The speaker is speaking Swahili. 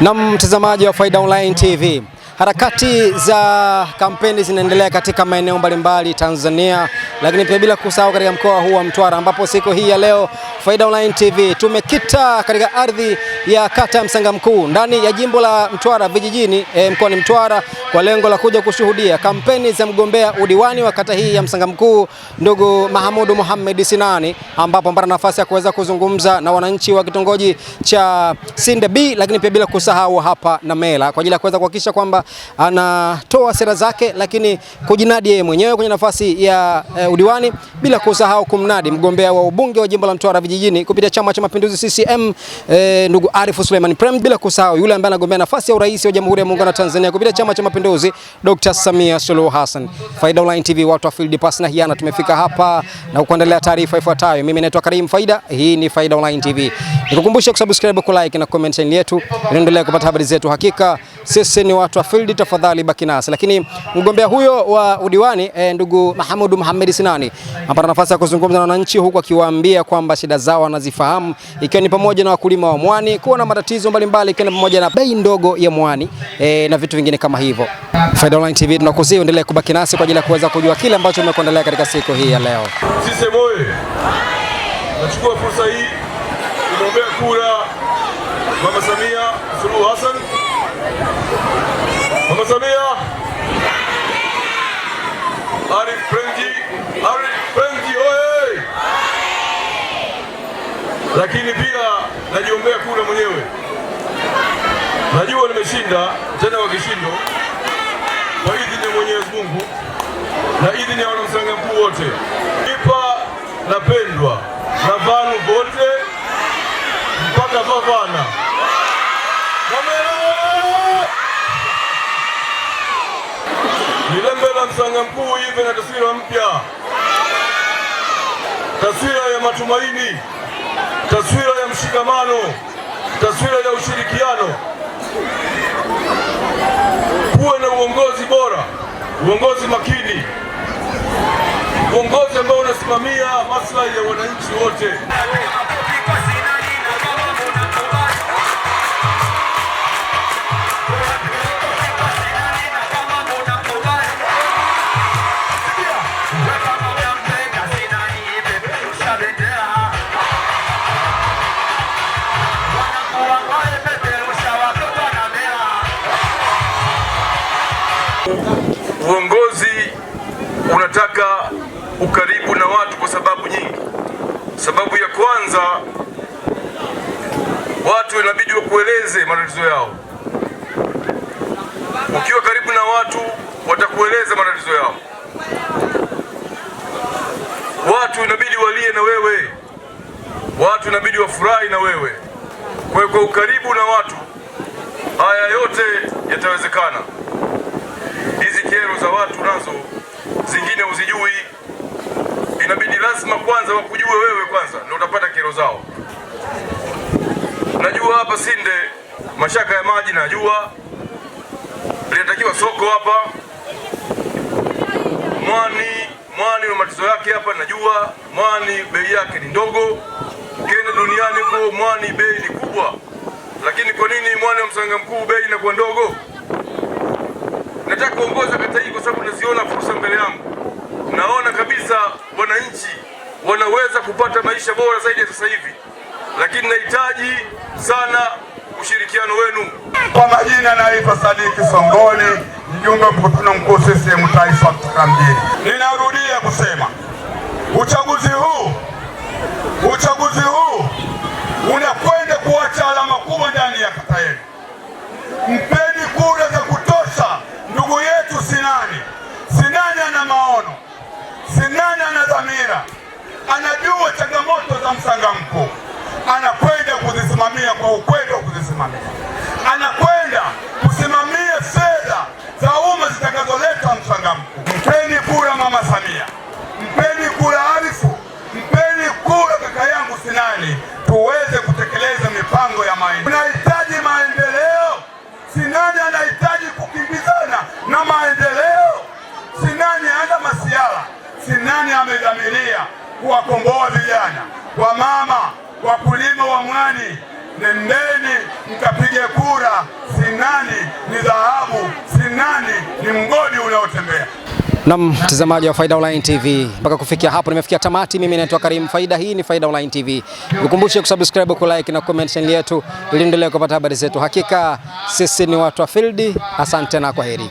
Na mtazamaji wa Faida Online TV, harakati za kampeni zinaendelea katika maeneo mbalimbali Tanzania, lakini pia bila kusahau katika mkoa huu wa Mtwara, ambapo siku hii ya leo Faida Online TV tumekita katika ardhi ya kata ya Msanga Mkuu ndani ya jimbo la Mtwara vijijini e, mkoani Mtwara kwa lengo la kuja kushuhudia kampeni za mgombea udiwani wa kata hii ya Msanga Mkuu ndugu Mahamudu Mohamed Sinani, ambapo amepata nafasi ya kuweza kuzungumza na wananchi wa kitongoji cha Sinde B, lakini pia bila kusahau hapa na Mela kwa ajili ya kuweza kuhakikisha kwamba anatoa sera zake, lakini kujinadi yeye mwenyewe kwenye nafasi ya e, udiwani bila kusahau kumnadi mgombea wa ubunge wa jimbo la Mtwara vijijini kupitia Chama cha Mapinduzi CCM e, eh, ndugu wetu Arif Suleiman Prem, bila kusahau yule ambaye anagombea nafasi ya urais wa Jamhuri ya Muungano wa Tanzania kupitia Chama cha Mapinduzi, Dr. Samia Suluhu Hassan. Faida Online TV, watu wa field pass na hiana, tumefika hapa na kuendelea taarifa ifuatayo. Mimi naitwa Karim Faida, hii ni Faida Online TV. Nikukumbusha kusubscribe, ku like na comment chini yetu, inaendelea kupata habari zetu. Hakika sisi ni watu wa field, tafadhali baki nasi. Lakini mgombea huyo wa udiwani eh, ndugu Mahamudu Muhammad Sinani amepata nafasi ya kuzungumza na wananchi, huku akiwaambia kwamba shida zao anazifahamu, ikiwa ni pamoja na wakulima wa mwani kuwa na matatizo mbalimbali ikiwa pamoja na bei ndogo ya mwani e, na vitu vingine kama hivyo. Faida Online TV tunakusii uendelee kubaki nasi kwa ajili ya kuweza kujua kile ambacho tumekuandalia katika siku hii ya leo. Sisi moyo nachukua fursa hii kumwombea kura Mama Samia Suluhu Hassan. Mama Samia Frenji, Frenji oye! Lakini pia najiombea kura mwenyewe, najua nimeshinda tena kwa kishindo, kwa idhini ya Mwenyezi Mungu na idhini ya wanamsanga mkuu wote. Ipa napendwa na vanu vote mpaka vavana ni lembe la Msanga Mkuu hivi na taswira mpya, taswira ya matumaini taswira ya mshikamano, taswira ya ushirikiano. Kuwe na uongozi bora, uongozi makini, uongozi ambao unasimamia maslahi ya wananchi wote. Uongozi unataka ukaribu na watu kwa sababu nyingi. Sababu ya kwanza, watu inabidi wakueleze matatizo yao. Ukiwa karibu na watu, watakueleza matatizo yao. Watu inabidi walie na wewe, watu inabidi wafurahi na wewe. Kwa hiyo, kwa ukaribu na watu, haya yote yatawezekana kero za watu nazo zingine uzijui, inabidi lazima kwanza wakujue wewe kwanza ndio utapata kero zao. Najua hapa Sinde mashaka ya maji, najua linatakiwa soko hapa mwani mwani na matizo yake hapa, najua mwani bei yake ni ndogo, kenda duniani kwa mwani bei ni kubwa, lakini kwa nini mwani wa Msanga Mkuu bei inakuwa ndogo? nataka kuongoza kata hii kwa sababu naziona fursa mbele yangu. Naona kabisa wananchi wanaweza kupata maisha bora zaidi ya sasa hivi, lakini nahitaji sana ushirikiano wenu. Kwa majina naitwa Sadiki Songoni, mjumbe mkutano mkuu CCM taifa kutoka mjini. Ninarudia kusema uchaguzi huu uchaguzi huu za msangamko, anakwenda kuzisimamia kwa ukweli wa kuzisimamia, anakwenda kusimamia fedha za umma zitakazoleta msangamko. Mpeni kura Mama Samia, mpeni kura Arifu, mpeni kura kaka yangu Sinani, tuweze kutekeleza mipango ya maendeleo. Tunahitaji maendeleo. Sinani anahitaji kukimbizana na maendeleo. Sinani ana masiala. Sinani amedhamiria kuwakomboa vijana kwa mama wakulima wa mwani, nendeni mkapige kura. Sinani ni dhahabu, Sinani ni mgodi unaotembea. Nam mtazamaji wa Faida Online TV, mpaka kufikia hapo nimefikia tamati. Mimi naitwa Karim Faida, hii ni Faida Online TV. Nikukumbushe kusubscribe, ku like na comment yetu ili endelee kupata habari zetu. Hakika sisi ni watu wa field. Asante na kwaheri.